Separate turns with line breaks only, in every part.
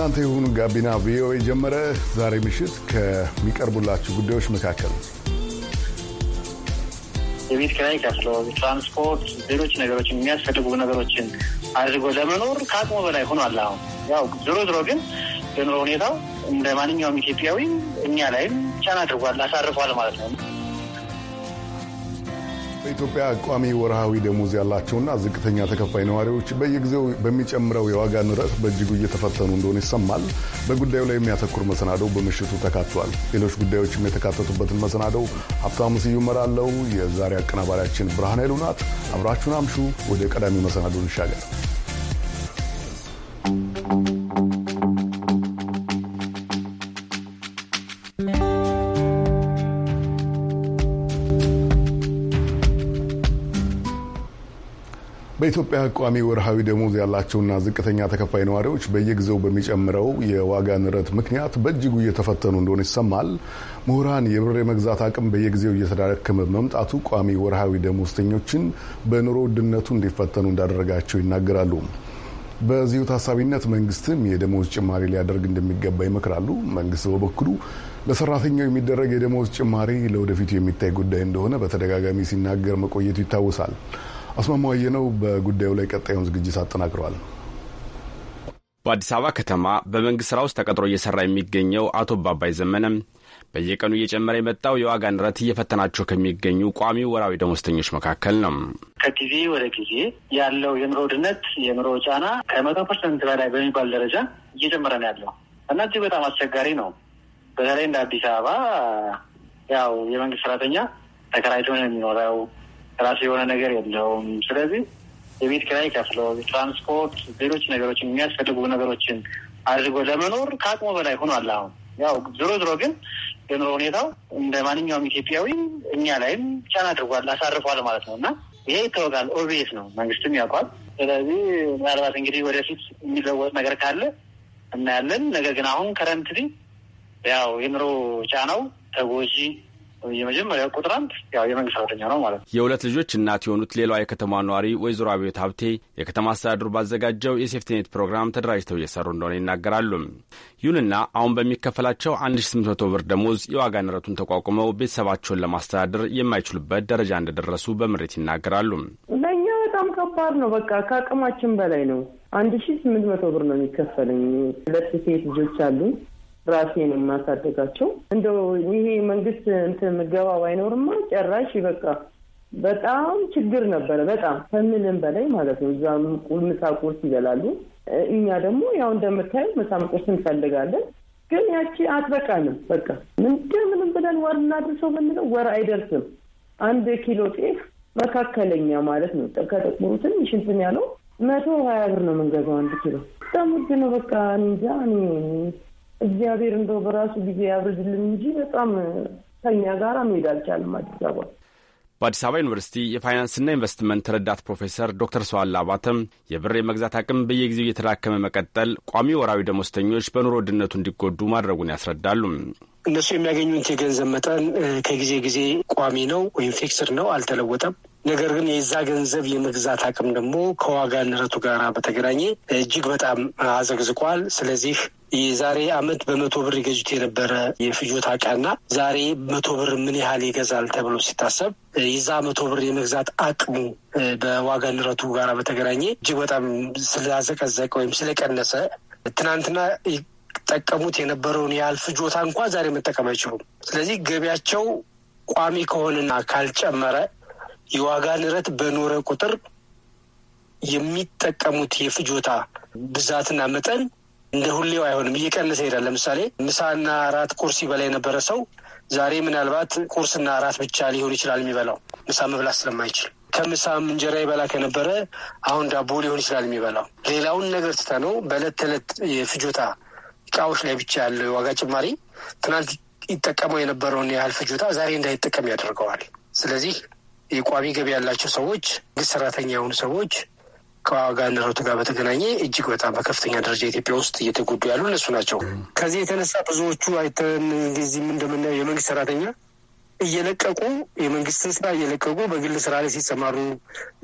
ከእናንተ የሆኑ ጋቢና ቪኦኤ ጀመረ። ዛሬ ምሽት ከሚቀርቡላችሁ ጉዳዮች መካከል
የቤት ኪራይ ከፍሎ ትራንስፖርት፣ ሌሎች ነገሮችን የሚያስፈልጉ ነገሮችን አድርጎ ለመኖር ከአቅሙ በላይ ሆኗል። አሁን ያው ዞሮ ዞሮ ግን የኑሮ ሁኔታው እንደ ማንኛውም ኢትዮጵያዊ እኛ ላይም ጫና አድርጓል፣ አሳርፏል ማለት ነው።
በኢትዮጵያ ቋሚ ወርሃዊ ደሞዝ ያላቸውና ዝቅተኛ ተከፋይ ነዋሪዎች በየጊዜው በሚጨምረው የዋጋ ንረት በእጅጉ እየተፈተኑ እንደሆነ ይሰማል። በጉዳዩ ላይ የሚያተኩር መሰናደው በምሽቱ ተካቷል። ሌሎች ጉዳዮችም የተካተቱበትን መሰናደው ሀብታሙ ስዩም እመራለሁ። የዛሬ አቀናባሪያችን ብርሃን ኃይሉ ናት። አብራችሁን አምሹ። ወደ ቀዳሚ መሰናዶ እንሻገር። በኢትዮጵያ ቋሚ ወርሃዊ ደሞዝ ያላቸውና ዝቅተኛ ተከፋይ ነዋሪዎች በየጊዜው በሚጨምረው የዋጋ ንረት ምክንያት በእጅጉ እየተፈተኑ እንደሆነ ይሰማል። ምሁራን የብር የመግዛት አቅም በየጊዜው እየተዳከመ መምጣቱ ቋሚ ወርሃዊ ደሞዝተኞችን በኑሮ ውድነቱ እንዲፈተኑ እንዳደረጋቸው ይናገራሉ። በዚሁ ታሳቢነት መንግስትም የደሞዝ ጭማሪ ሊያደርግ እንደሚገባ ይመክራሉ። መንግስት በበኩሉ ለሰራተኛው የሚደረግ የደሞዝ ጭማሪ ለወደፊቱ የሚታይ ጉዳይ እንደሆነ በተደጋጋሚ ሲናገር መቆየቱ ይታወሳል። አስማማው አየነው በጉዳዩ ላይ ቀጣዩን ዝግጅት አጠናቅረዋል።
በአዲስ አበባ ከተማ በመንግሥት ሥራ ውስጥ ተቀጥሮ እየሠራ የሚገኘው አቶ ባባይ ዘመነም በየቀኑ እየጨመረ የመጣው የዋጋ ንረት እየፈተናቸው ከሚገኙ ቋሚ ወራዊ ደሞዝተኞች መካከል ነው።
ከጊዜ ወደ ጊዜ ያለው የኑሮ ውድነት የኑሮ ጫና ከመቶ ፐርሰንት በላይ በሚባል ደረጃ እየጨመረ ነው ያለው እና እጅግ በጣም አስቸጋሪ ነው። በተለይ እንደ አዲስ አበባ ያው የመንግስት ሰራተኛ ተከራይቶ ነው የሚኖረው። ራሱ የሆነ ነገር የለውም። ስለዚህ የቤት ኪራይ ከፍሎ ትራንስፖርት፣ ሌሎች ነገሮችን የሚያስፈልጉ ነገሮችን አድርጎ ለመኖር ከአቅሙ በላይ ሆኗል። አሁን ያው ዞሮ ዞሮ ግን የኑሮ ሁኔታው እንደ ማንኛውም ኢትዮጵያዊ እኛ ላይም ጫና አድርጓል፣ አሳርፏል ማለት ነው እና ይሄ ይታወቃል፣ ኦብቪየስ ነው፣ መንግስትም ያውቋል። ስለዚህ ምናልባት እንግዲህ ወደፊት የሚለወጥ ነገር ካለ እናያለን። ነገር ግን አሁን ከረንትሊ ያው የኑሮ ጫናው ተጎጂ የመጀመሪያው ቁጥር አንድ ያው የመንግስት ሰራተኛ ነው ማለት ነው።
የሁለት ልጆች እናት የሆኑት ሌላዋ የከተማ ነዋሪ ወይዘሮ አብዮት ሀብቴ የከተማ አስተዳደሩ ባዘጋጀው የሴፍቲኔት ፕሮግራም ተደራጅተው እየሰሩ እንደሆነ ይናገራሉ። ይሁንና አሁን በሚከፈላቸው 1800 ብር ደሞዝ የዋጋ ንረቱን ተቋቁመው ቤተሰባቸውን ለማስተዳደር የማይችሉበት ደረጃ እንደደረሱ በምሬት ይናገራሉ።
ለእኛ በጣም ከባድ ነው። በቃ ከአቅማችን በላይ ነው። አንድ ሺ ስምንት መቶ ብር ነው የሚከፈለኝ። ሁለት ሴት ልጆች አሉ። ራሴን የማሳደጋቸው እንደው ይሄ መንግስት እንትን ምገባ አይኖርማ ጨራሽ በቃ በጣም ችግር ነበረ። በጣም ከምንም በላይ ማለት ነው። እዛ ምሳ ቁርስ ይበላሉ። እኛ ደግሞ ያው እንደምታየው ምሳ ቁርስ እንፈልጋለን፣ ግን ያቺ አትበቃንም። በቃ እንደምንም ብለን ወር እናድርሰው ብንለው ወር አይደርስም። አንድ ኪሎ ጤፍ መካከለኛ ማለት ነው ከጥቁሩ ትንሽ እንትን ያለው መቶ ሀያ ብር ነው የምንገዛው አንድ ኪሎ። በጣም ውድ ነው። በቃ እንጃ እኔ እግዚአብሔር እንደው በራሱ ጊዜ ያብርድልን እንጂ በጣም ከኛ ጋር መሄድ አልቻልም አዲስ አበባ።
በአዲስ አበባ ዩኒቨርሲቲ የፋይናንስና ኢንቨስትመንት ረዳት ፕሮፌሰር ዶክተር ሰዋላ አባተም የብር የመግዛት አቅም በየጊዜው እየተዳከመ መቀጠል ቋሚ ወራዊ ደሞዝተኞች በኑሮ ውድነቱ እንዲጎዱ ማድረጉን ያስረዳሉ።
እነሱ የሚያገኙት የገንዘብ መጠን ከጊዜ ጊዜ ቋሚ ነው ወይም ፊክስድ ነው፣ አልተለወጠም። ነገር ግን የዛ ገንዘብ የመግዛት አቅም ደግሞ ከዋጋ ንረቱ ጋር በተገናኘ እጅግ በጣም አዘግዝቋል። ስለዚህ የዛሬ አመት በመቶ ብር ይገዙት የነበረ የፍጆታ እቃና ዛሬ መቶ ብር ምን ያህል ይገዛል ተብሎ ሲታሰብ የዛ መቶ ብር የመግዛት አቅሙ በዋጋ ንረቱ ጋር በተገናኘ እጅግ በጣም ስላዘቀዘቀ ወይም ስለቀነሰ ትናንትና ጠቀሙት የነበረውን ያህል ፍጆታ እንኳ ዛሬ መጠቀም አይችሉም። ስለዚህ ገቢያቸው ቋሚ ከሆነና ካልጨመረ የዋጋ ንረት በኖረ ቁጥር የሚጠቀሙት የፍጆታ ብዛትና መጠን እንደ ሁሌው አይሆንም፣ እየቀነሰ ይሄዳል። ለምሳሌ ምሳና አራት ቁርስ ይበላ የነበረ ሰው ዛሬ ምናልባት ቁርስና አራት ብቻ ሊሆን ይችላል የሚበላው ምሳ መብላት ስለማይችል ከምሳም እንጀራ ይበላ ከነበረ አሁን ዳቦ ሊሆን ይችላል የሚበላው። ሌላውን ነገር ነው በዕለት ተዕለት የፍጆታ እቃዎች ላይ ብቻ ያለው የዋጋ ጭማሪ ትናንት ይጠቀመው የነበረውን ያህል ፍጆታ ዛሬ እንዳይጠቀም ያደርገዋል። ስለዚህ የቋሚ ገቢ ያላቸው ሰዎች፣ መንግስት ሰራተኛ የሆኑ ሰዎች ከዋጋ ንረቱ ጋር በተገናኘ እጅግ በጣም በከፍተኛ ደረጃ ኢትዮጵያ ውስጥ እየተጎዱ ያሉ እነሱ ናቸው። ከዚህ የተነሳ ብዙዎቹ አይተን ጊዜም እንደምናየው የመንግስት ሰራተኛ እየለቀቁ የመንግስትን ስራ እየለቀቁ በግል ስራ ላይ ሲሰማሩ፣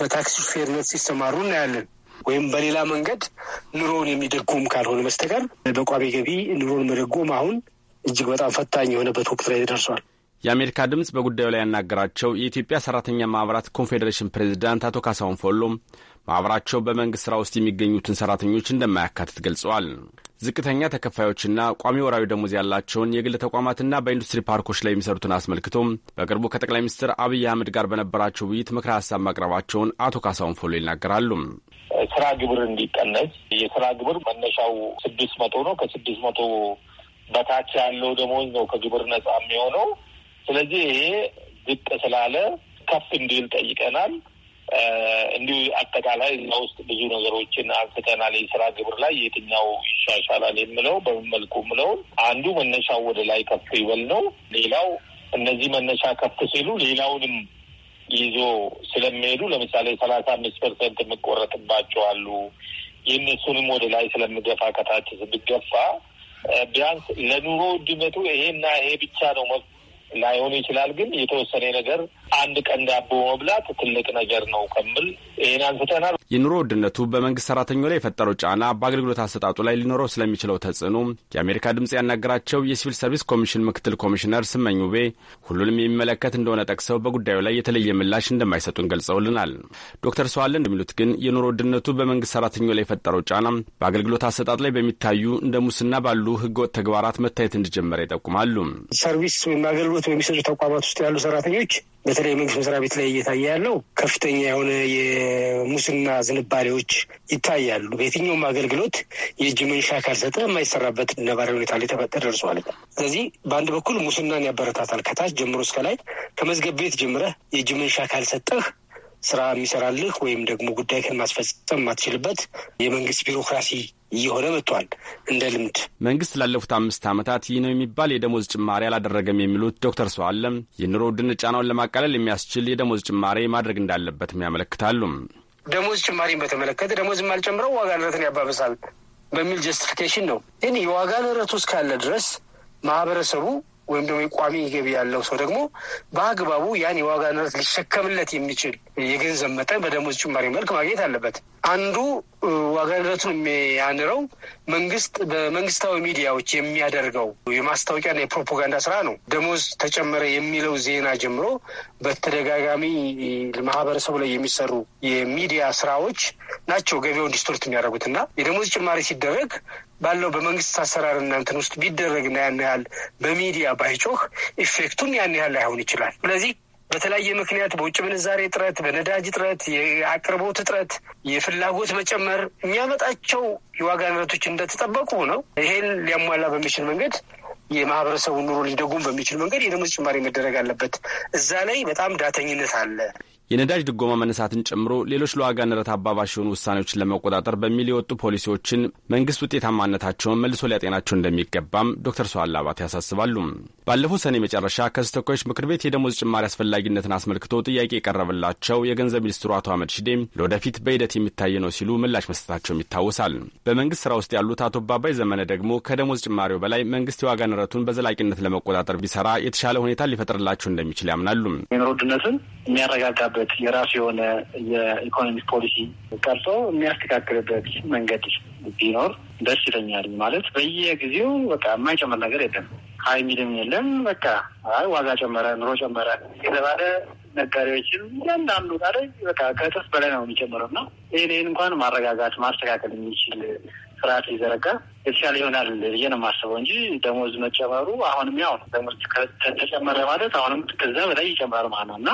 በታክሲ ፌርነት ሲሰማሩ እናያለን። ወይም በሌላ መንገድ ኑሮውን የሚደጎም ካልሆነ በስተቀር በቋሚ ገቢ ኑሮን መደጎም አሁን እጅግ በጣም ፈታኝ የሆነበት ወቅት ላይ ደርሷል።
የአሜሪካ ድምፅ በጉዳዩ ላይ ያናገራቸው የኢትዮጵያ ሰራተኛ ማኅበራት ኮንፌዴሬሽን ፕሬዚዳንት አቶ ካሳሁን ፎሎም ማኅበራቸው በመንግሥት ሥራ ውስጥ የሚገኙትን ሠራተኞች እንደማያካትት ገልጸዋል። ዝቅተኛ ተከፋዮችና ቋሚ ወራዊ ደሞዝ ያላቸውን የግል ተቋማትና በኢንዱስትሪ ፓርኮች ላይ የሚሰሩትን አስመልክቶም በቅርቡ ከጠቅላይ ሚኒስትር አብይ አህመድ ጋር በነበራቸው ውይይት ምክረ ሀሳብ ማቅረባቸውን አቶ ካሳሁን ፎሎ ይናገራሉ።
ስራ ግብር እንዲቀነስ የስራ ግብር መነሻው ስድስት መቶ ነው። ከስድስት መቶ በታች ያለው ደሞዝ ነው ከግብር ነጻ የሚሆነው ስለዚህ ይሄ ዝቅ ስላለ ከፍ እንዲል ጠይቀናል። እንዲሁ አጠቃላይ እዛ ውስጥ ብዙ ነገሮችን አንስተናል። የስራ ግብር ላይ የትኛው ይሻሻላል የምለው በምን መልኩ አንዱ መነሻው ወደ ላይ ከፍ ይበል ነው። ሌላው እነዚህ መነሻ ከፍ ሲሉ ሌላውንም ይዞ ስለሚሄዱ ለምሳሌ ሰላሳ አምስት ፐርሰንት የምቆረጥባቸው አሉ። የእነሱንም ወደ ላይ ስለምገፋ ከታች ብገፋ ቢያንስ ለኑሮ ውድነቱ ይሄና ይሄ ብቻ ነው ላይሆን ይችላል። ግን የተወሰነ ነገር አንድ ቀን ዳቦ መብላት ትልቅ ነገር ነው
ከምል ይህን አንስተናል።
የኑሮ ውድነቱ በመንግስት ሰራተኞች ላይ የፈጠረው ጫና በአገልግሎት አሰጣጡ ላይ ሊኖረው ስለሚችለው ተጽዕኖ የአሜሪካ ድምፅ ያናገራቸው የሲቪል ሰርቪስ ኮሚሽን ምክትል ኮሚሽነር ስመኝ ውቤ ሁሉንም የሚመለከት እንደሆነ ጠቅሰው በጉዳዩ ላይ የተለየ ምላሽ እንደማይሰጡን ገልጸውልናል። ዶክተር ሰዋለ እንደሚሉት ግን የኑሮ ውድነቱ በመንግስት ሰራተኞች ላይ የፈጠረው ጫና በአገልግሎት አሰጣጥ ላይ በሚታዩ እንደ ሙስና ባሉ ህገወጥ ተግባራት መታየት እንዲጀመረ ይጠቁማሉ።
ሰርቪስ ወይም አገልግሎት አገልግሎት በሚሰጡ ተቋማት ውስጥ ያሉ ሰራተኞች በተለይ መንግስት መስሪያ ቤት ላይ እየታየ ያለው ከፍተኛ የሆነ የሙስና ዝንባሌዎች ይታያሉ። በየትኛውም አገልግሎት የእጅ መንሻ ካልሰጠ የማይሰራበት ነባራዊ ሁኔታ ላይ ተደርሷል። ስለዚህ በአንድ በኩል ሙስናን ያበረታታል። ከታች ጀምሮ እስከ ላይ ከመዝገብ ቤት ጀምረህ የእጅ መንሻ ካልሰጠህ ስራ የሚሰራልህ ወይም ደግሞ ጉዳይህን ማስፈጸም የማትችልበት የመንግስት ቢሮክራሲ እየሆነ መጥቷል። እንደ ልምድ
መንግስት ላለፉት አምስት ዓመታት ይህ ነው የሚባል የደሞዝ ጭማሪ አላደረገም የሚሉት ዶክተር ሰዋለም የኑሮ ውድነት ጫናውን ለማቃለል የሚያስችል የደሞዝ ጭማሪ ማድረግ እንዳለበትም ያመለክታሉ።
ደሞዝ ጭማሪን በተመለከተ ደሞዝ የማልጨምረው ዋጋ ንረትን ያባበሳል በሚል ጀስቲፊኬሽን ነው። ግን የዋጋ ንረቱ እስካለ ድረስ ማህበረሰቡ ወይም ደግሞ የቋሚ ገቢ ያለው ሰው ደግሞ በአግባቡ ያን የዋጋ ንረት ሊሸከምለት የሚችል የገንዘብ መጠን በደሞዝ ጭማሪ መልክ ማግኘት አለበት። አንዱ ዋጋ ንረቱን የሚያንረው መንግስት በመንግስታዊ ሚዲያዎች የሚያደርገው የማስታወቂያና የፕሮፓጋንዳ ስራ ነው። ደሞዝ ተጨመረ የሚለው ዜና ጀምሮ በተደጋጋሚ ማህበረሰቡ ላይ የሚሰሩ የሚዲያ ስራዎች ናቸው ገቢውን ዲስቶርት የሚያደርጉት እና የደሞዝ ጭማሪ ሲደረግ ባለው በመንግስት አሰራር እናንተን ውስጥ ቢደረግና ያን ያህል በሚዲያ ባይጮህ ኢፌክቱም ያን ያህል ላይሆን ይችላል። ስለዚህ በተለያየ ምክንያት በውጭ ምንዛሬ እጥረት፣ በነዳጅ እጥረት፣ የአቅርቦት እጥረት፣ የፍላጎት መጨመር የሚያመጣቸው የዋጋ ንረቶች እንደተጠበቁ ነው። ይሄን ሊያሟላ በሚችል መንገድ የማህበረሰቡ ኑሮ ሊደጉም በሚችል መንገድ የደሞዝ ጭማሪ መደረግ አለበት። እዛ ላይ በጣም ዳተኝነት አለ።
የነዳጅ ድጎማ መነሳትን ጨምሮ ሌሎች ለዋጋ ንረት አባባሽ የሆኑ ውሳኔዎችን ለመቆጣጠር በሚል የወጡ ፖሊሲዎችን መንግስት ውጤታማነታቸውን መልሶ ሊያጤናቸው እንደሚገባም ዶክተር ሰዋላ አባተ ያሳስባሉ። ባለፈው ሰኔ መጨረሻ ከሕዝብ ምክር ቤት የደሞዝ ጭማሪ አስፈላጊነትን አስመልክቶ ጥያቄ የቀረበላቸው የገንዘብ ሚኒስትሩ አቶ አህመድ ሽዴ ለወደፊት በሂደት የሚታይ ነው ሲሉ ምላሽ መስጠታቸውም ይታወሳል። በመንግስት ስራ ውስጥ ያሉት አቶ ባባይ ዘመነ ደግሞ ከደሞዝ ጭማሪው በላይ መንግስት የዋጋ ንረቱን በዘላቂነት ለመቆጣጠር ቢሰራ የተሻለ ሁኔታ ሊፈጥርላቸው እንደሚችል ያምናሉ።
የኑሮ ውድነትን የሚያረጋጋ የሚያስተካክልበት የራሱ የሆነ የኢኮኖሚ ፖሊሲ ቀርጾ የሚያስተካክልበት መንገድ ቢኖር ደስ ይለኛል። ማለት በየጊዜው በቃ የማይጨምር ነገር የለም። ሀይ ሚልም የለም። በቃ አይ ዋጋ ጨመረ፣ ኑሮ ጨመረ የተባለ ነጋዴዎችም እያንዳንዱ ዕቃ በቃ ከእጥፍ በላይ ነው የሚጨምረው እና ይህን እንኳን ማረጋጋት ማስተካከል የሚችል ስርዓት ሊዘረጋ የተሻለ ይሆናል ብዬ ነው የማስበው እንጂ ደሞዝ መጨመሩ አሁንም ያው ደሞዝ ተጨመረ ማለት አሁንም ከዛ በላይ ይጨምራል ማለት ነው እና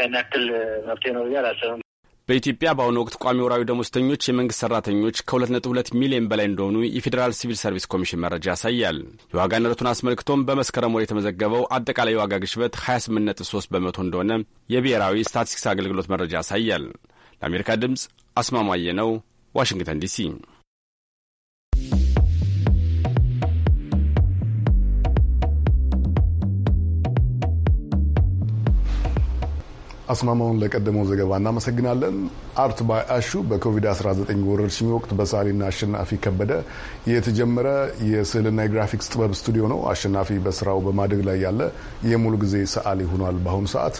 ያን ያክል መፍትሄ ነው ብዬ
በኢትዮጵያ በአሁኑ ወቅት ቋሚ ወራዊ ደሞዝተኞች የመንግስት ሰራተኞች ከ2.2 ሚሊዮን በላይ እንደሆኑ የፌዴራል ሲቪል ሰርቪስ ኮሚሽን መረጃ ያሳያል። የዋጋ ንረቱን አስመልክቶም በመስከረም ወር የተመዘገበው አጠቃላይ የዋጋ ግሽበት 28.3 በመቶ እንደሆነ የብሔራዊ ስታቲስቲክስ አገልግሎት መረጃ ያሳያል። ለአሜሪካ ድምፅ አስማማየ ነው፣ ዋሽንግተን ዲሲ
አስማማውን ለቀደመው ዘገባ እናመሰግናለን። አርት ባይ አሹ በኮቪድ-19 ወረርሽኝ ወቅት በሳሊና አሸናፊ ከበደ የተጀመረ የስዕልና የግራፊክስ ጥበብ ስቱዲዮ ነው። አሸናፊ በስራው በማደግ ላይ ያለ የሙሉ ጊዜ ሰዓሊ ሆኗል። በአሁኑ ሰዓት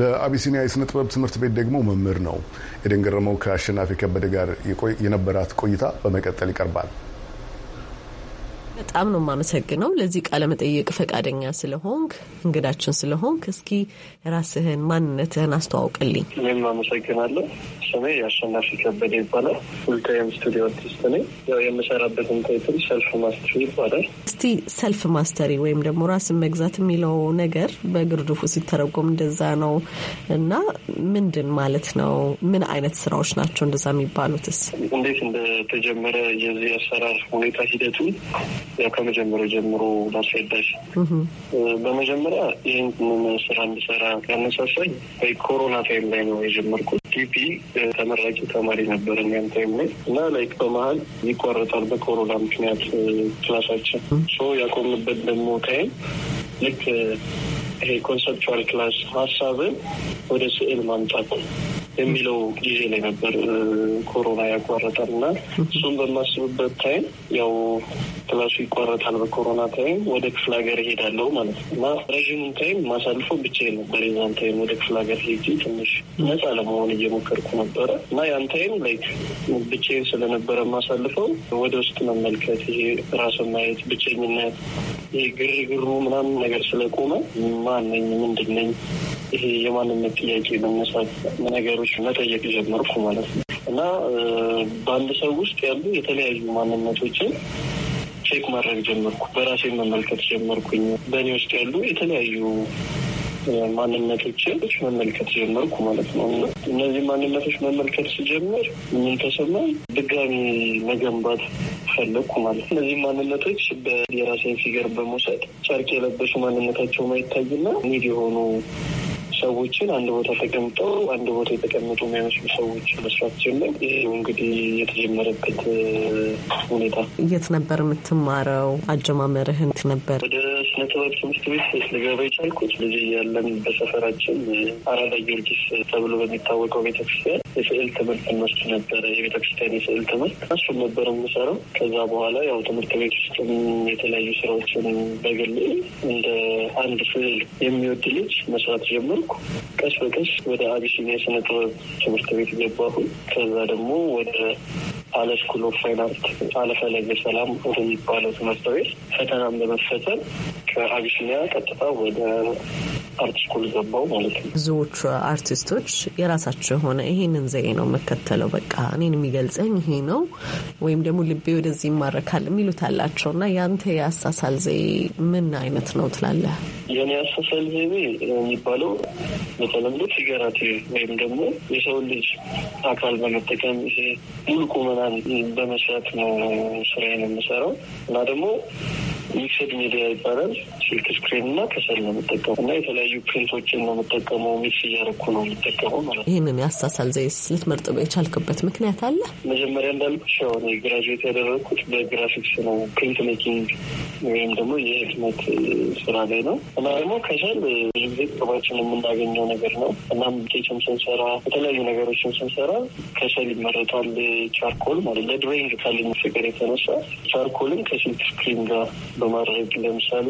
በአቢሲኒያ የስነ ጥበብ ትምህርት ቤት ደግሞ መምህር ነው። የደንገረመው ከአሸናፊ ከበደ ጋር የነበራት ቆይታ በመቀጠል ይቀርባል።
በጣም ነው የማመሰግነው ለዚህ ቃለ መጠየቅ ፈቃደኛ ስለሆንክ እንግዳችን ስለሆንክ፣ እስኪ ራስህን ማንነትህን አስተዋውቅልኝ።
እኔም አመሰግናለሁ። ስሜ የአሸናፊ ከበደ ይባላል። ሁልታይም ስቱዲዮ አርቲስት ነኝ። ያው የምሰራበትን ታይትል ሰልፍ ማስተሪ ይባላል።
እስቲ ሰልፍ ማስተሪ ወይም ደግሞ ራስን መግዛት የሚለው ነገር በግርድፉ ሲተረጎም እንደዛ ነው እና ምንድን ማለት ነው? ምን አይነት ስራዎች ናቸው እንደዛ የሚባሉትስ?
እንዴት እንደተጀመረ የዚህ አሰራር ሁኔታ ሂደቱ? ያው ከመጀመሪያው ጀምሮ ላስረዳሽ። በመጀመሪያ ይህን ስራ እንድሰራ ያነሳሳኝ ወይ ኮሮና ታይም ላይ ነው የጀመርኩት። ዲፒ ተመራቂ ተማሪ ነበር ያን ታይም ላይ እና ላይክ በመሀል ይቋረጣል በኮሮና ምክንያት ክላሳችን ሶ ያቆምበት ደግሞ ታይም ልክ ይሄ ኮንሰፕቹዋል ክላስ ሀሳብን ወደ ስዕል ማምጣት የሚለው ጊዜ ላይ ነበር ኮሮና ያቋረጠን እና እሱን በማስብበት ታይም ያው ክላሱ ይቋረጣል በኮሮና ታይም ወደ ክፍለ ሀገር እሄዳለሁ ማለት ነው እና ረዥሙን ታይም ማሳልፎ ብቻ ነበር። የዛን ታይም ወደ ክፍለ ሀገር ሄጂ ትንሽ ነጻ ለመሆን እየሞከርኩ ነበረ እና ያን ታይም ላይክ ብቻ ስለነበረ ማሳልፈው ወደ ውስጥ መመልከት ይሄ ራስን ማየት ብቸኝነት ይሄ ግርግሩ ምናምን ነገር ስለቆመ ማነኝ ምንድነኝ ይሄ የማንነት ጥያቄ መነሳት ነገሮች ሰዎች መጠየቅ ጀመርኩ ማለት ነው። እና በአንድ ሰው ውስጥ ያሉ የተለያዩ ማንነቶችን ቼክ ማድረግ ጀመርኩ። በራሴ መመልከት ጀመርኩኝ። በእኔ ውስጥ ያሉ የተለያዩ ማንነቶችን መመልከት ጀመርኩ ማለት ነው። እና እነዚህ ማንነቶች መመልከት ሲጀምር ምን ተሰማኝ? ድጋሚ መገንባት ፈለግኩ ማለት ነው። እነዚህ ማንነቶች የራሴን ፊገር በመውሰድ ጨርቅ የለበሱ ማንነታቸው ማይታይና ሚድ የሆኑ ሰዎችን አንድ ቦታ ተቀምጠው አንድ ቦታ የተቀመጡ የሚያመስሉ ሰዎች መስራት ችለን ይህ እንግዲህ የተጀመረበት ሁኔታ።
የት ነበር የምትማረው? አጀማመርህን ነበር ወደ
ስነ ትምህርት ቤት ልገባ የቻልኩት ልጅ እያለን በሰፈራችን አራዳ ጊዮርጊስ ተብሎ በሚታወቀው ቤተክርስቲያን የስዕል ትምህርት እንወስድ ነበረ። የቤተክርስቲያን የስዕል ትምህርት እሱ ነበረ የምሰራው። ከዛ በኋላ ያው ትምህርት ቤት ውስጥም የተለያዩ ስራዎችን በግል እንደ አንድ ስዕል የሚወድ ልጅ መስራት ጀመርኩ። ቀስ በቀስ ወደ አቢሲኒያ ስነጥበብ ትምህርት ቤት ገባሁ። ከዛ ደግሞ ወደ አለ ስኩል ኦፍ ፋይን አርት አለ ፈለገ ሰላም ወደሚባለው ትምህርት ቤት ፈተናም በመፈተን ከአቢሲኒያ ቀጥታ ወደ አርት ስኩል ገባው ማለት
ነው። ብዙዎቹ አርቲስቶች የራሳቸው የሆነ ይሄንን ዘዬ ነው የምከተለው፣ በቃ እኔን የሚገልጸኝ ይሄ ነው ወይም ደግሞ ልቤ ወደዚህ ይማረካል የሚሉት አላቸው እና ያንተ የአሳሳል ዘዬ ምን አይነት ነው ትላለህ?
የኔ ያስተሳሰል ዘይቤ የሚባለው በተለምዶ ፊገራቲቭ ወይም ደግሞ የሰውን ልጅ አካል በመጠቀም ይሄ ሙሉ ቁመናን በመስራት ነው ስራዬን የምሰራው እና ደግሞ ሚክስድ ሚዲያ ይባላል። ስልክ ስክሪን እና ከሰል ነው የምጠቀሙ እና የተለያዩ ፕሪንቶችን ነው የምጠቀመው። ሚክስ እያረኩ ነው የምጠቀመው ማለት ነው።
ይህንን ያሳሳል ዘይስ ልትመርጥ የቻልክበት ምክንያት አለ?
መጀመሪያ እንዳልኩት ያው እኔ ግራጁዌት ያደረግኩት በግራፊክስ ነው፣ ፕሪንት ሜኪንግ ወይም ደግሞ የህትመት ስራ ላይ ነው እና ደግሞ ከሰል ብዙ ጊዜ ጥቅማችን የምናገኘው ነገር ነው። እናም ኬችን ስንሰራ የተለያዩ ነገሮችም ስንሰራ ከሰል ይመረጣል። ቻርኮል ማለት ለድሮይንግ ካለኝ ፍቅር የተነሳ ቻርኮልን ከስልክ ስክሪን ጋር በማድረግ ለምሳሌ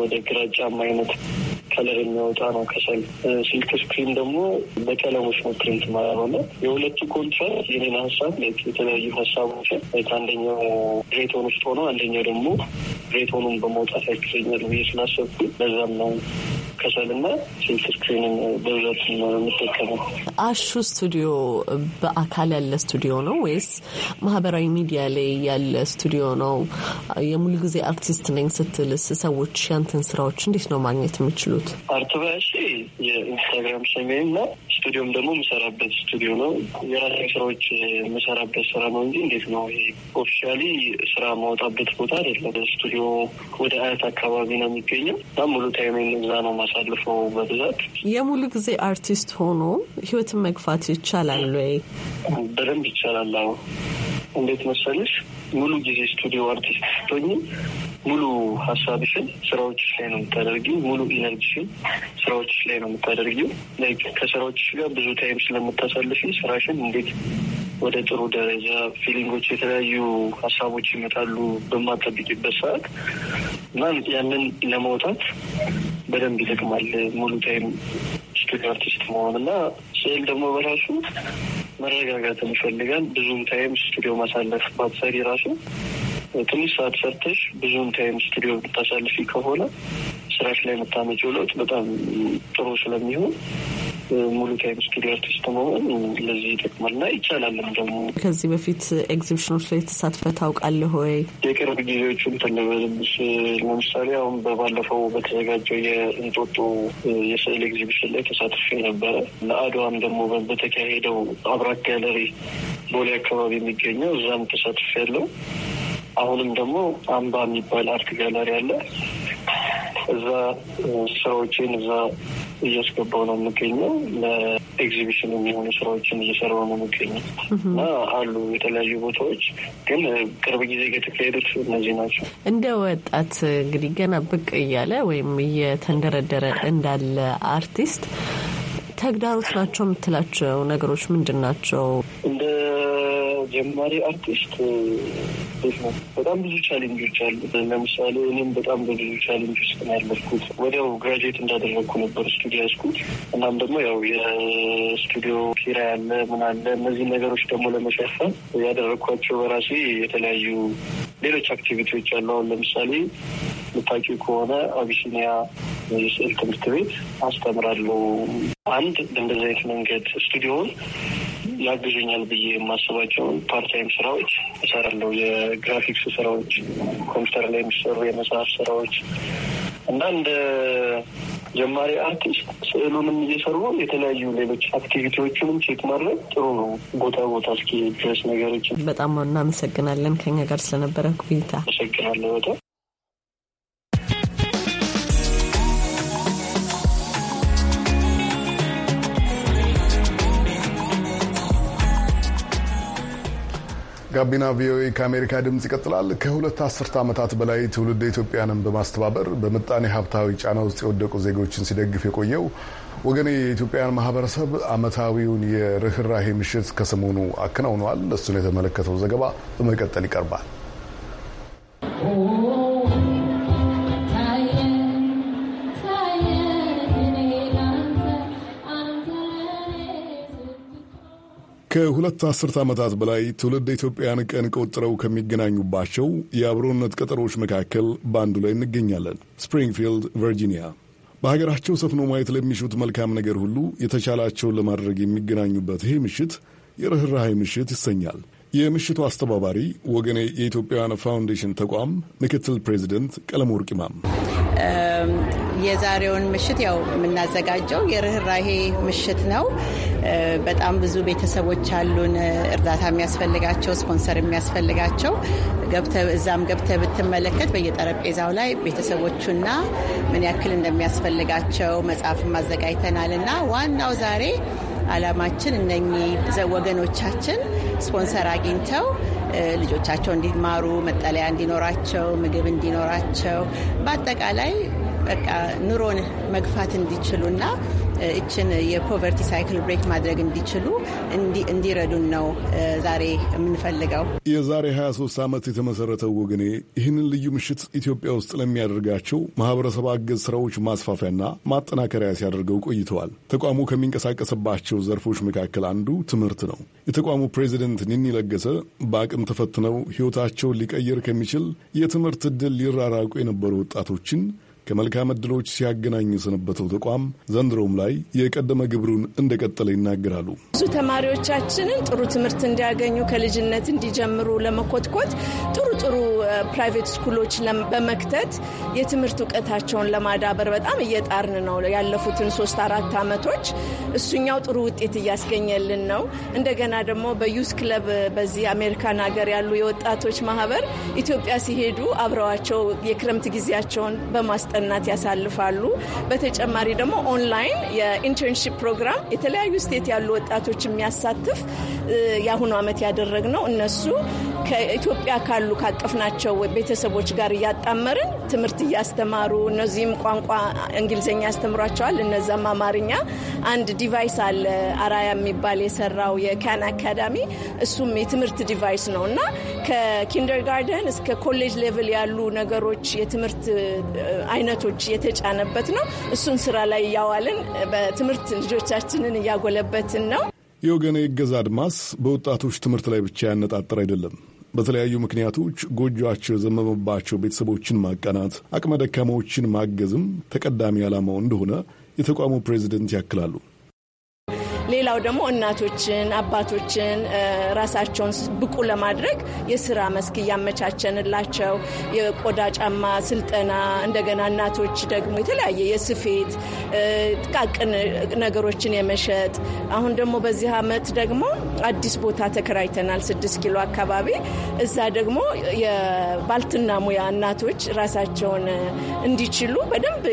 ወደ ግራጫማ አይነት ከለር የሚያወጣ ነው ከሰል። ሲልክ ስክሪን ደግሞ በቀለሞች ነው ፕሪንት ሆነ። የሁለቱ ኮንትራስት የኔን ሀሳብ የተለያዩ ሀሳቦችን አንደኛው ሬቶን ውስጥ ሆኖ አንደኛው ደግሞ ሬቶኑን በመውጣት ያክለኛል ብዬ ስላሰብኩ ለዛም ነው ከሰልና ሲልክ በብዛት የምጠቀመው።
አሹ ስቱዲዮ በአካል ያለ ስቱዲዮ ነው ወይስ ማህበራዊ ሚዲያ ላይ ያለ ስቱዲዮ ነው? የሙሉ ጊዜ አርቲስት ነኝ ስትልስ ሰዎች ያንተን ስራዎች እንዴት ነው ማግኘት የሚችሉት?
አርቱ ባያሺ የኢንስታግራም ስሜ እና ስቱዲዮም ደግሞ የምሰራበት ስቱዲዮ ነው። የራሴ ስራዎች የምሰራበት ስራ ነው እንጂ እንዴት ነው ይሄ ኦፊሻሊ ስራ ማውጣበት ቦታ አይደለም። ስቱዲዮ ወደ አያት አካባቢ ነው የሚገኘው እና ሙሉ ታይም እዛ ነው ማሳልፈው በብዛት።
የሙሉ ጊዜ አርቲስት ሆኖ ህይወትን መግፋት ይቻላል ወይ?
በደንብ ይቻላል። እንዴት መሰለሽ ሙሉ ጊዜ ስቱዲዮ አርቲስት ስትሆኚ ሙሉ ሀሳብሽን ስራዎችሽ ላይ ነው የምታደርጊው። ሙሉ ኢነርጂሽን ስራዎችሽ ላይ ነው የምታደርጊው። ከስራዎችሽ ጋር ብዙ ታይም ስለምታሳልፊ ስራሽን እንዴት ወደ ጥሩ ደረጃ ፊሊንጎች፣ የተለያዩ ሀሳቦች ይመጣሉ በማጠብቂበት ሰዓት እና ያንን ለመውጣት በደንብ ይጠቅማል ሙሉ ታይም ስቱዲዮ አርቲስት መሆን እና ስዕል ደግሞ በራሱ መረጋጋትን ይፈልጋል። ብዙም ታይም ስቱዲዮ ማሳለፍ ባትሰሪ ራሱ ትንሽ ሰዓት ሰርተሽ ብዙም ታይም ስቱዲዮ ብታሳልፊ ከሆነ ስራሽ ላይ የምታመጪው ለውጥ በጣም ጥሩ ስለሚሆን ሙሉ ከሚስቱሪ አርቲስት መሆን ለዚህ ይጠቅማል እና ይቻላለን። ደግሞ
ከዚህ በፊት ኤግዚቢሽኖች ላይ ተሳትፈ ታውቃለህ ወይ?
የቅርብ ጊዜዎቹን ትንበልብስ ለምሳሌ አሁን በባለፈው በተዘጋጀው የእንጦጦ የስዕል ኤግዚቢሽን ላይ ተሳትፌ ነበረ። ለአድዋም ደግሞ በተካሄደው አብራክ ጋለሪ ቦሌ አካባቢ የሚገኘው እዛም ተሳትፌ ያለው አሁንም ደግሞ አምባ የሚባል አርት ጋለሪ አለ። እዛ ስራዎችን እዛ እያስገባው ነው የምገኘው። ለኤግዚቢሽን የሚሆኑ ስራዎችን እየሰራው ነው የምገኘው እና አሉ የተለያዩ ቦታዎች ግን ቅርብ ጊዜ የተካሄዱት እነዚህ ናቸው።
እንደ ወጣት እንግዲህ ገና ብቅ እያለ ወይም እየተንደረደረ እንዳለ አርቲስት ተግዳሮት ናቸው የምትላቸው ነገሮች ምንድን ናቸው?
እንደ ጀማሪ አርቲስት ነው። በጣም ብዙ ቻሌንጆች አሉ። ለምሳሌ እኔም በጣም በብዙ ቻሌንጅ ውስጥ ነው ያለፍኩት። ወዲያው ግራጁዌት እንዳደረግኩ ነበር ስቱዲዮ ያዝኩት። እናም ደግሞ ያው የስቱዲዮ ኪራይ አለ ምን አለ እነዚህ ነገሮች ደግሞ ለመሸፈን ያደረግኳቸው በራሴ የተለያዩ ሌሎች አክቲቪቲዎች አሉ። አሁን ለምሳሌ ልታውቂው ከሆነ አቢሲኒያ የስዕል ትምህርት ቤት አስተምራለሁ። አንድ እንደዚህ አይነት መንገድ ስቱዲዮውን ያግዙኛል ብዬ የማስባቸው ፓርታይም ስራዎች እሰራለሁ። የግራፊክስ ስራዎች፣ ኮምፒውተር ላይ የሚሰሩ የመጽሐፍ ስራዎች እና እንደ ጀማሪ አርቲስት ስዕሉንም እየሰሩ የተለያዩ ሌሎች አክቲቪቲዎችንም ቼክ ማድረግ ጥሩ ነው። ቦታ ቦታ እስኪ ድረስ ነገሮችን
በጣም እናመሰግናለን ከኛ ጋር ስለነበረ ቆይታ
አመሰግናለሁ በጣም
ጋቢና ቪኦኤ ከአሜሪካ ድምፅ ይቀጥላል። ከሁለት አስርተ ዓመታት በላይ ትውልድ ኢትዮጵያንን በማስተባበር በምጣኔ ሀብታዊ ጫና ውስጥ የወደቁ ዜጎችን ሲደግፍ የቆየው ወገኔ የኢትዮጵያን ማህበረሰብ ዓመታዊውን የርኅራሄ ምሽት ከሰሞኑ አከናውኗል። እሱን የተመለከተው ዘገባ በመቀጠል ይቀርባል። ከሁለት አስርት ዓመታት በላይ ትውልድ ኢትዮጵያን ቀን ቆጥረው ከሚገናኙባቸው የአብሮነት ቀጠሮች መካከል በአንዱ ላይ እንገኛለን። ስፕሪንግፊልድ ቨርጂኒያ። በሀገራቸው ሰፍኖ ማየት ለሚሹት መልካም ነገር ሁሉ የተቻላቸውን ለማድረግ የሚገናኙበት ይህ ምሽት የርኅራሃይ ምሽት ይሰኛል። የምሽቱ አስተባባሪ ወገኔ የኢትዮጵያውያን ፋውንዴሽን ተቋም ምክትል ፕሬዚደንት ቀለም ወርቅ ማም
የዛሬውን ምሽት ያው የምናዘጋጀው የርኅራሄ ምሽት ነው። በጣም ብዙ ቤተሰቦች አሉን፣ እርዳታ የሚያስፈልጋቸው ስፖንሰር የሚያስፈልጋቸው እዛም ገብተ ብትመለከት በየጠረጴዛው ላይ ቤተሰቦቹና ምን ያክል እንደሚያስፈልጋቸው መጽሐፍም አዘጋጅተናል እና ዋናው ዛሬ አላማችን እነኚህ ወገኖቻችን ስፖንሰር አግኝተው ልጆቻቸው እንዲማሩ፣ መጠለያ እንዲኖራቸው፣ ምግብ እንዲኖራቸው በአጠቃላይ በቃ ኑሮን መግፋት እንዲችሉና እችን የፖቨርቲ ሳይክል ብሬክ ማድረግ እንዲችሉ እንዲረዱን ነው ዛሬ የምንፈልገው።
የዛሬ 23 ዓመት የተመሰረተው ወገኔ ይህንን ልዩ ምሽት ኢትዮጵያ ውስጥ ለሚያደርጋቸው ማህበረሰብ አገዝ ስራዎች ማስፋፊያና ማጠናከሪያ ሲያደርገው ቆይተዋል። ተቋሙ ከሚንቀሳቀስባቸው ዘርፎች መካከል አንዱ ትምህርት ነው። የተቋሙ ፕሬዚደንት ኒኒ ለገሰ በአቅም ተፈትነው ሕይወታቸውን ሊቀይር ከሚችል የትምህርት ዕድል ሊራራቁ የነበሩ ወጣቶችን ከመልካም ዕድሎች ሲያገናኝ የሰነበተው ተቋም ዘንድሮም ላይ የቀደመ ግብሩን እንደቀጠለ ይናገራሉ።
ብዙ ተማሪዎቻችንን ጥሩ ትምህርት እንዲያገኙ ከልጅነት እንዲጀምሩ ለመኮትኮት ጥሩ ጥሩ ፕራይቬት ስኩሎች በመክተት የትምህርት እውቀታቸውን ለማዳበር በጣም እየጣርን ነው። ያለፉትን ሶስት አራት ዓመቶች እሱኛው ጥሩ ውጤት እያስገኘልን ነው። እንደገና ደግሞ በዩስ ክለብ በዚህ አሜሪካን ሀገር ያሉ የወጣቶች ማህበር ኢትዮጵያ ሲሄዱ አብረዋቸው የክረምት ጊዜያቸውን በማስ በማስጠናት ያሳልፋሉ። በተጨማሪ ደግሞ ኦንላይን የኢንተርንሽፕ ፕሮግራም የተለያዩ ስቴት ያሉ ወጣቶች የሚያሳትፍ የአሁኑ ዓመት ያደረግነው እነሱ ከኢትዮጵያ ካሉ ካቀፍናቸው ቤተሰቦች ጋር እያጣመርን ትምህርት እያስተማሩ እነዚህም ቋንቋ እንግሊዝኛ ያስተምሯቸዋል፣ እነዛም አማርኛ። አንድ ዲቫይስ አለ አራያ የሚባል የሰራው የካን አካዳሚ፣ እሱም የትምህርት ዲቫይስ ነው እና ከኪንደርጋርደን እስከ ኮሌጅ ሌቭል ያሉ ነገሮች የትምህርት አይነቶች የተጫነበት ነው። እሱን ስራ ላይ እያዋልን በትምህርት ልጆቻችንን እያጎለበትን ነው።
የወገኔ እገዛ አድማስ በወጣቶች ትምህርት ላይ ብቻ ያነጣጠር አይደለም። በተለያዩ ምክንያቶች ጎጆቸው የዘመመባቸው ቤተሰቦችን ማቀናት፣ አቅመ ደካማዎችን ማገዝም ተቀዳሚ ዓላማው እንደሆነ የተቋሙ ፕሬዚደንት ያክላሉ።
ሌላው ደግሞ እናቶችን፣ አባቶችን ራሳቸውን ብቁ ለማድረግ የስራ መስክ እያመቻቸንላቸው የቆዳ ጫማ ስልጠና፣ እንደገና እናቶች ደግሞ የተለያየ የስፌት ጥቃቅን ነገሮችን የመሸጥ አሁን ደግሞ በዚህ አመት ደግሞ አዲስ ቦታ ተከራይተናል ስድስት ኪሎ አካባቢ እዛ ደግሞ የባልትና ሙያ እናቶች ራሳቸውን እንዲችሉ በደንብ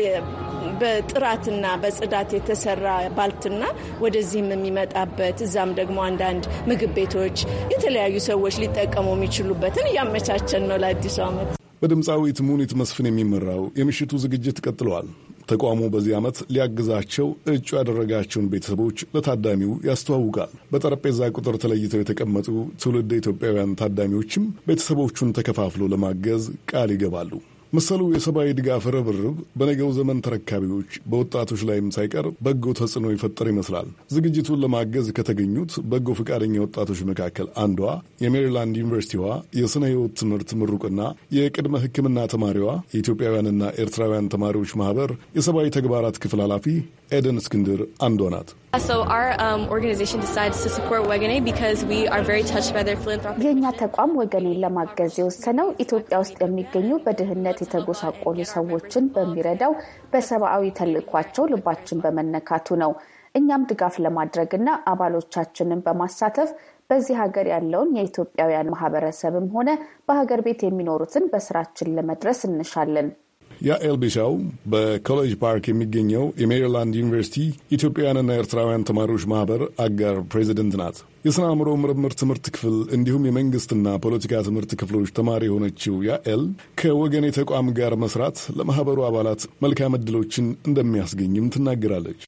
በጥራትና በጽዳት የተሰራ ባልትና ወደዚህም የሚመጣበት እዛም ደግሞ አንዳንድ ምግብ ቤቶች የተለያዩ ሰዎች ሊጠቀሙ የሚችሉበትን እያመቻቸን ነው ለአዲሱ
ዓመት።
በድምፃዊት ሙኒት መስፍን የሚመራው የምሽቱ ዝግጅት ቀጥለዋል። ተቋሙ በዚህ ዓመት ሊያግዛቸው እጩ ያደረጋቸውን ቤተሰቦች ለታዳሚው ያስተዋውቃል። በጠረጴዛ ቁጥር ተለይተው የተቀመጡ ትውልድ ኢትዮጵያውያን ታዳሚዎችም ቤተሰቦቹን ተከፋፍሎ ለማገዝ ቃል ይገባሉ። መሰሉ የሰብአዊ ድጋፍ ርብርብ በነገው ዘመን ተረካቢዎች በወጣቶች ላይም ሳይቀር በጎ ተጽዕኖ ይፈጠር ይመስላል። ዝግጅቱን ለማገዝ ከተገኙት በጎ ፈቃደኛ ወጣቶች መካከል አንዷ የሜሪላንድ ዩኒቨርሲቲዋ የሥነ ሕይወት ትምህርት ምሩቅና የቅድመ ሕክምና ተማሪዋ የኢትዮጵያውያንና ኤርትራውያን ተማሪዎች ማህበር የሰብአዊ ተግባራት ክፍል ኃላፊ ኤደን እስክንድር አንዷ ናት።
um, የእኛ ተቋም ወገኔን ለማገዝ የወሰነው ኢትዮጵያ ውስጥ የሚገኙ በድህነት የተጎሳቆሉ ሰዎችን በሚረዳው በሰብአዊ ተልእኳቸው ልባችን በመነካቱ ነው። እኛም ድጋፍ ለማድረግና አባሎቻችንን በማሳተፍ በዚህ ሀገር ያለውን የኢትዮጵያውያን ማህበረሰብም ሆነ በሀገር ቤት የሚኖሩትን በስራችን ለመድረስ እንሻለን።
ያኤል ቢሻው በኮሌጅ ፓርክ የሚገኘው የሜሪላንድ ዩኒቨርሲቲ ኢትዮጵያውያንና ኤርትራውያን ተማሪዎች ማህበር አጋር ፕሬዚደንት ናት። የሥነ አእምሮ ምርምር ትምህርት ክፍል እንዲሁም የመንግሥትና ፖለቲካ ትምህርት ክፍሎች ተማሪ የሆነችው ያኤል ከወገኔ ተቋም ጋር መስራት ለማኅበሩ አባላት መልካም ዕድሎችን እንደሚያስገኝም ትናገራለች።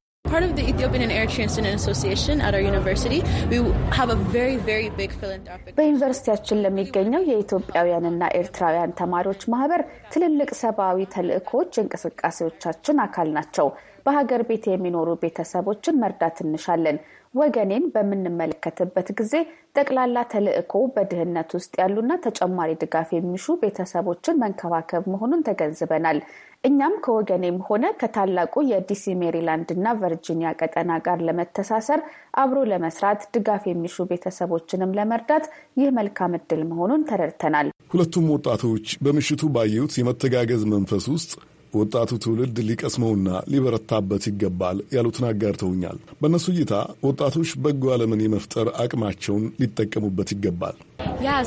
በዩኒቨርሲቲያችን ለሚገኘው የኢትዮጵያውያንና ኤርትራውያን ተማሪዎች ማህበር ትልልቅ ሰብአዊ ተልእኮዎች እንቅስቃሴዎቻችን አካል ናቸው። በሀገር ቤት የሚኖሩ ቤተሰቦችን መርዳት እንሻለን። ወገኔን በምንመለከትበት ጊዜ ጠቅላላ ተልዕኮ በድህነት ውስጥ ያሉና ተጨማሪ ድጋፍ የሚሹ ቤተሰቦችን መንከባከብ መሆኑን ተገንዝበናል። እኛም ከወገኔም ሆነ ከታላቁ የዲሲ ሜሪላንድና ቨርጂኒያ ቀጠና ጋር ለመተሳሰር አብሮ ለመስራት ድጋፍ የሚሹ ቤተሰቦችንም ለመርዳት ይህ መልካም እድል መሆኑን ተረድተናል።
ሁለቱም ወጣቶች በምሽቱ ባየሁት የመተጋገዝ መንፈስ ውስጥ ወጣቱ ትውልድ ሊቀስመውና ሊበረታበት ይገባል ያሉትን አጋርተውኛል። በእነሱ እይታ ወጣቶች በጎ ዓለምን የመፍጠር አቅማቸውን ሊጠቀሙበት ይገባል።
uh,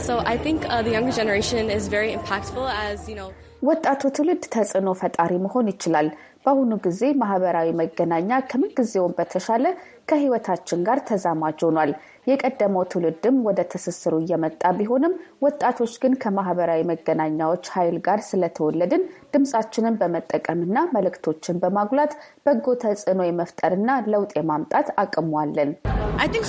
ወጣቱ ትውልድ ተጽዕኖ ፈጣሪ መሆን ይችላል። በአሁኑ ጊዜ ማህበራዊ መገናኛ ከምንጊዜውም በተሻለ ከህይወታችን ጋር ተዛማጅ ሆኗል። የቀደመው ትውልድም ወደ ትስስሩ እየመጣ ቢሆንም ወጣቶች ግን ከማህበራዊ መገናኛዎች ኃይል ጋር ስለተወለድን ድምፃችንን በመጠቀምና መልእክቶችን በማጉላት በጎ ተጽዕኖ የመፍጠርና ለውጥ የማምጣት አቅሟለን። um,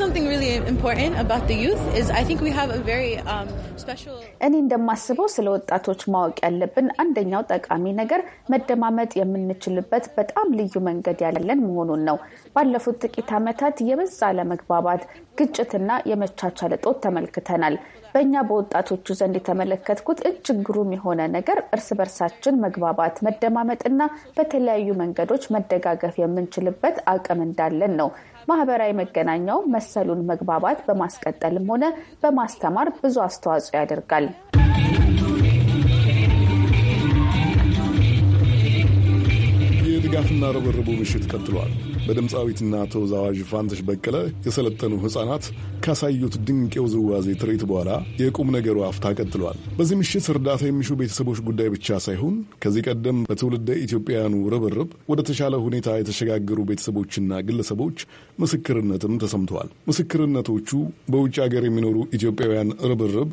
እኔ እንደማስበው ስለ ወጣቶች ማወቅ ያለብን አንደኛው ጠቃሚ ነገር መደማመጥ የምንችልበት በጣም ልዩ መንገድ ያለን መሆኑን ነው። ባለፉት ጥቂት ዓመታት የበዛ ለመግባባት ግጭት ግጭትና የመቻቻል እጦት ተመልክተናል። በእኛ በወጣቶቹ ዘንድ የተመለከትኩት እጅግ ግሩም የሆነ ነገር እርስ በርሳችን መግባባት፣ መደማመጥና በተለያዩ መንገዶች መደጋገፍ የምንችልበት አቅም እንዳለን ነው። ማህበራዊ መገናኛው መሰሉን መግባባት በማስቀጠልም ሆነ በማስተማር ብዙ አስተዋጽኦ ያደርጋል።
ድጋፍና ርብርቡ ምሽት ቀጥሏል። በድምፃዊትና ተወዛዋዥ ፋንተሽ በቀለ የሰለጠኑ ሕፃናት ካሳዩት ድንቅ የውዝዋዜ ትርኢት በኋላ የቁም ነገሩ አፍታ ቀጥሏል። በዚህ ምሽት እርዳታ የሚሹ ቤተሰቦች ጉዳይ ብቻ ሳይሆን ከዚህ ቀደም በትውልደ ኢትዮጵያውያኑ ርብርብ ወደ ተሻለ ሁኔታ የተሸጋገሩ ቤተሰቦችና ግለሰቦች ምስክርነትም ተሰምተዋል። ምስክርነቶቹ በውጭ ሀገር የሚኖሩ ኢትዮጵያውያን ርብርብ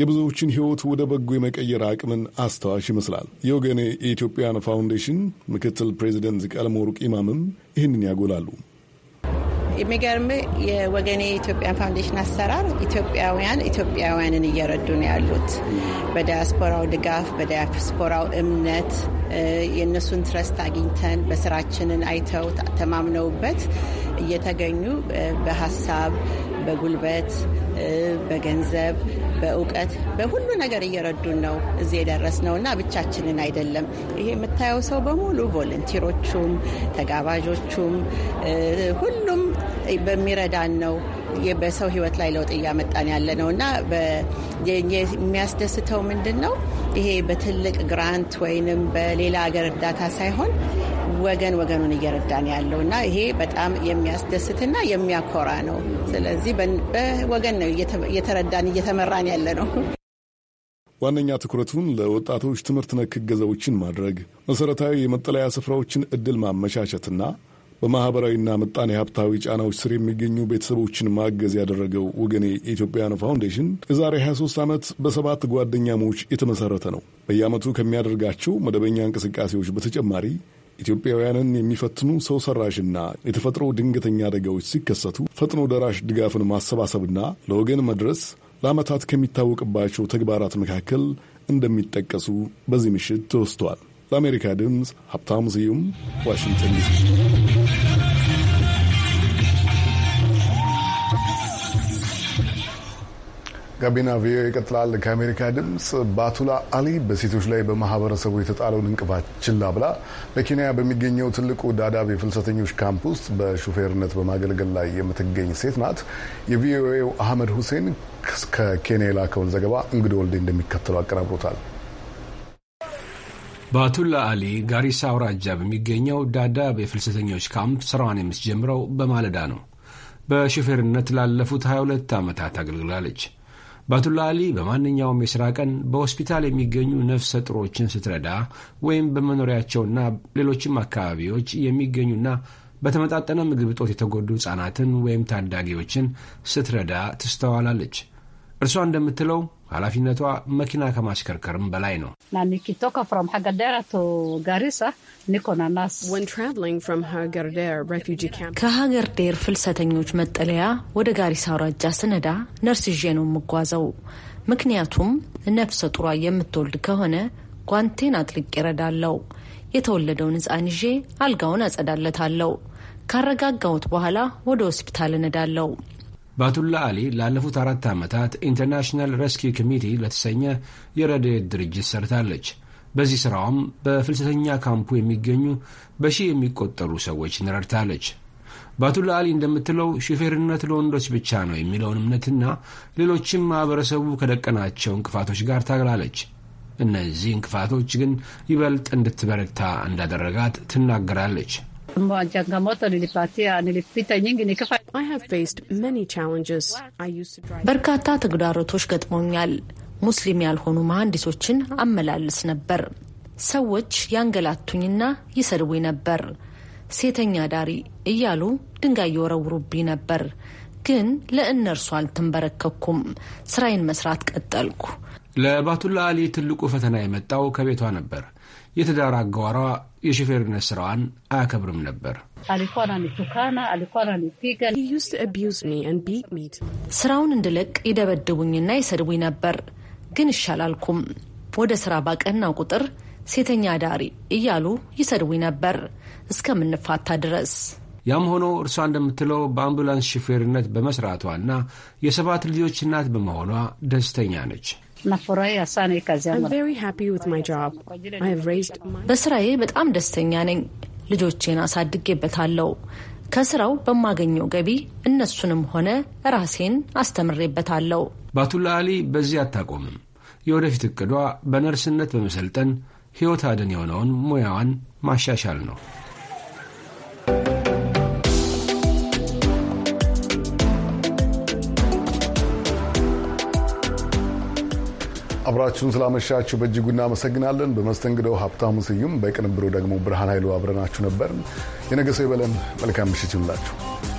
የብዙዎችን ሕይወት ወደ በጎ የመቀየር አቅምን አስተዋሽ ይመስላል። የወገኔ የኢትዮጵያን ፋውንዴሽን ምክትል ፕሬዚደንት ቀለመወርቅ ኢማምም ይህንን ያጎላሉ።
የሚገርም የወገኔ የኢትዮጵያ ፋውንዴሽን አሰራር ኢትዮጵያውያን ኢትዮጵያውያንን እየረዱ ነው ያሉት። በዲያስፖራው ድጋፍ፣ በዲያስፖራው እምነት የእነሱን ትረስት አግኝተን በስራችንን አይተው ተማምነውበት እየተገኙ በሀሳብ፣ በጉልበት በገንዘብ በእውቀት በሁሉ ነገር እየረዱን ነው እዚህ የደረስ ነው እና ብቻችንን አይደለም። ይሄ የምታየው ሰው በሙሉ ቮለንቲሮቹም፣ ተጋባዦቹም ሁሉም በሚረዳን ነው በሰው ህይወት ላይ ለውጥ እያመጣን ያለ ነው እና የሚያስደስተው ምንድን ነው? ይሄ በትልቅ ግራንት ወይንም በሌላ ሀገር እርዳታ ሳይሆን ወገን ወገኑን እየረዳን ያለው እና ይሄ በጣም የሚያስደስትና የሚያኮራ ነው። ስለዚህ በወገን ነው እየተረዳን እየተመራን ያለ ነው።
ዋነኛ ትኩረቱን ለወጣቶች ትምህርት ነክ እገዛዎችን ማድረግ፣ መሠረታዊ የመጠለያ ስፍራዎችን ዕድል ማመቻቸትና በማኅበራዊና ምጣኔ ሀብታዊ ጫናዎች ስር የሚገኙ ቤተሰቦችን ማገዝ ያደረገው ወገኔ የኢትዮጵያን ፋውንዴሽን የዛሬ 23 ዓመት በሰባት ጓደኛሞች የተመሠረተ ነው። በየዓመቱ ከሚያደርጋቸው መደበኛ እንቅስቃሴዎች በተጨማሪ ኢትዮጵያውያንን የሚፈትኑ ሰው ሰራሽና የተፈጥሮ ድንገተኛ አደጋዎች ሲከሰቱ ፈጥኖ ደራሽ ድጋፍን ማሰባሰብና ለወገን መድረስ ለዓመታት ከሚታወቅባቸው ተግባራት መካከል እንደሚጠቀሱ በዚህ ምሽት ተወስቷል። ለአሜሪካ ድምፅ ሀብታሙ ስዩም ዋሽንግተን ዲሲ ጋቢና ቪኦኤ ይቀጥላል። ከአሜሪካ ድምፅ ባቱላ አሊ በሴቶች ላይ በማህበረሰቡ የተጣለውን እንቅፋት ችላ ብላ በኬንያ በሚገኘው ትልቁ ዳዳብ የፍልሰተኞች ካምፕ ውስጥ በሹፌርነት በማገልገል ላይ የምትገኝ ሴት ናት። የቪኦኤው አህመድ ሁሴን ከኬንያ የላከውን ዘገባ እንግዶ ወልዴ እንደሚከተለው አቀናብሮታል።
ባቱላ አሊ ጋሪሳ አውራጃ በሚገኘው ዳዳብ የፍልሰተኞች ካምፕ ስራዋን የምትጀምረው በማለዳ ነው። በሹፌርነት ላለፉት 22 ዓመታት አገልግላለች። ባቱላ አሊ በማንኛውም የሥራ ቀን በሆስፒታል የሚገኙ ነፍሰ ጥሮችን ስትረዳ ወይም በመኖሪያቸውና ሌሎችም አካባቢዎች የሚገኙና በተመጣጠነ ምግብ እጦት የተጎዱ ሕፃናትን ወይም ታዳጊዎችን ስትረዳ ትስተዋላለች። እርሷ እንደምትለው ኃላፊነቷ መኪና ከማሽከርከርም በላይ ነው።
ከሀገር ዴር ፍልሰተኞች መጠለያ ወደ ጋሪሳ አውራጃ ስነዳ ነርስ ይዤ ነው የምጓዘው። ምክንያቱም ነፍሰ ጡሯ የምትወልድ ከሆነ ጓንቴን አጥልቄ እረዳለሁ። የተወለደውን ሕፃን ይዤ አልጋውን አጸዳለታለሁ። ካረጋጋሁት በኋላ ወደ ሆስፒታል እንዳለው
ባቱላ አሊ ላለፉት አራት ዓመታት ኢንተርናሽናል ሬስኪው ኮሚቲ ለተሰኘ የረድኤት ድርጅት ሰርታለች። በዚህ ሥራውም በፍልሰተኛ ካምፑ የሚገኙ በሺህ የሚቆጠሩ ሰዎችን ረድታለች። ባቱላ አሊ እንደምትለው ሹፌርነት ለወንዶች ብቻ ነው የሚለውን እምነትና ሌሎችም ማኅበረሰቡ ከደቀናቸው እንቅፋቶች ጋር ታግላለች። እነዚህ እንቅፋቶች ግን ይበልጥ እንድትበረታ እንዳደረጋት ትናገራለች።
በርካታ ተግዳሮቶች ገጥሞኛል። ሙስሊም ያልሆኑ መሐንዲሶችን አመላልስ ነበር። ሰዎች ያንገላቱኝና ይሰድቡኝ ነበር። ሴተኛ ዳሪ እያሉ ድንጋይ የወረውሩብኝ ነበር። ግን ለእነርሱ አልተንበረከኩም። ስራዬን መስራት ቀጠልኩ።
ለባቱላ አሊ ትልቁ ፈተና የመጣው ከቤቷ ነበር። የትዳር አጋሯ የሽፌርነት ስራዋን አያከብርም ነበር።
ስራውን እንድለቅ ይደበድቡኝና ይሰድቡኝ ነበር፣ ግን ይሻላልኩም። ወደ ስራ ባቀናው ቁጥር ሴተኛ ዳሪ እያሉ ይሰድቡኝ ነበር እስከምንፋታ ድረስ።
ያም ሆኖ እርሷ እንደምትለው በአምቡላንስ በመስራቷ በመስራቷና የሰባት ልጆች እናት በመሆኗ ደስተኛ ነች።
በስራዬ በጣም ደስተኛ ነኝ። ልጆቼን አሳድጌበታለሁ። ከስራው በማገኘው ገቢ እነሱንም ሆነ ራሴን አስተምሬበታለሁ።
ባቱላ አሊ በዚህ አታቆምም። የወደፊት እቅዷ በነርስነት በመሰልጠን ሕይወት አድን የሆነውን ሙያዋን ማሻሻል ነው።
አብራችሁን ስላመሻችሁ በእጅጉ እናመሰግናለን። በመስተንግደው ሀብታሙ ስዩም፣ በቅንብሩ ደግሞ ብርሃን ኃይሉ አብረናችሁ ነበር። የነገ ሰው ይበለን። መልካም ምሽት ይሁንላችሁ።